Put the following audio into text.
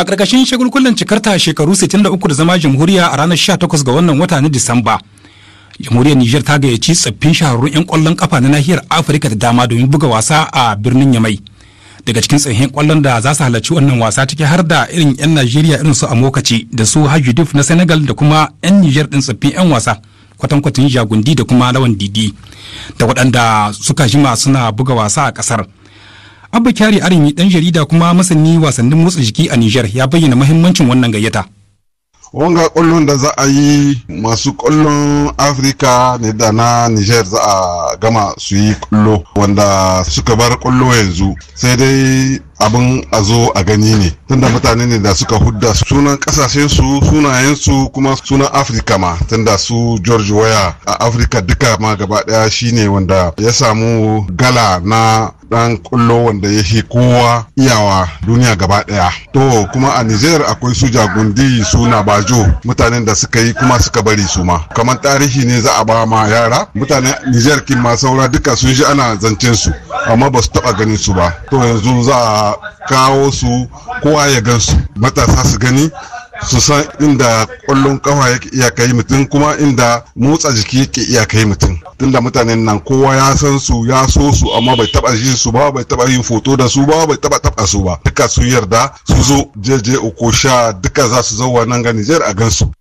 a ƙarƙashin shagulgulan cikarta shekaru 63 da zama jamhuriya a ranar 18 ga wannan wata na disamba jamhuriyar niger ta gayyaci tsaffin shahararrun 'yan ƙwallon kafa na nahiyar afirka da dama domin buga wasa a birnin yamai daga cikin tsohon ƙwallon da za su halarci wannan wasa ciki har da irin 'yan najeriya irin su a mokaci da su hajjudif na senegal da kuma 'yan niger ɗin tsaffin 'yan wasa kwatankwatin jagundi da kuma lawan didi da waɗanda suka jima suna buga wasa a ƙasar Abba Kyari Arimi dan jarida kuma masani wasannin motsa jiki a Nijar ya bayyana mahimmancin wannan gayyata. wanga kwallon da za a yi masu kwallon afirka ne da na Nijar za a gama su yi kwallo wanda suka bar kwallo yanzu sai dai abin a zo a gani ne tunda mutane ne da suka hudda sunan kasashen su sunayen su kuma sunan afirka ma tunda su george waya a afirka duka ma gaba daya shine wanda ya samu gala na dan kullo wanda ya shi kowa iyawa duniya gaba daya to kuma a niger akwai su jagundi suna bajo mutanen da suka yi kuma suka bari su ma kamar tarihi ne za a ba ma yara mutanen niger kin ma saura duka sun shi ana zancen su amma ba su taba ganin su ba to yanzu za a kawo su kowa ya gan su matasa su gani su san inda ƙwallon kafa yake iyaka kai mutum kuma inda motsa jiki yake iya kai mutum tunda mutanen nan kowa ya san su ya so su amma bai taba jin su ba bai taba yin foto da su ba bai taba taba su ba duka su yarda su zo jeje uku sha duka za su zo nan ga Nijar a gansu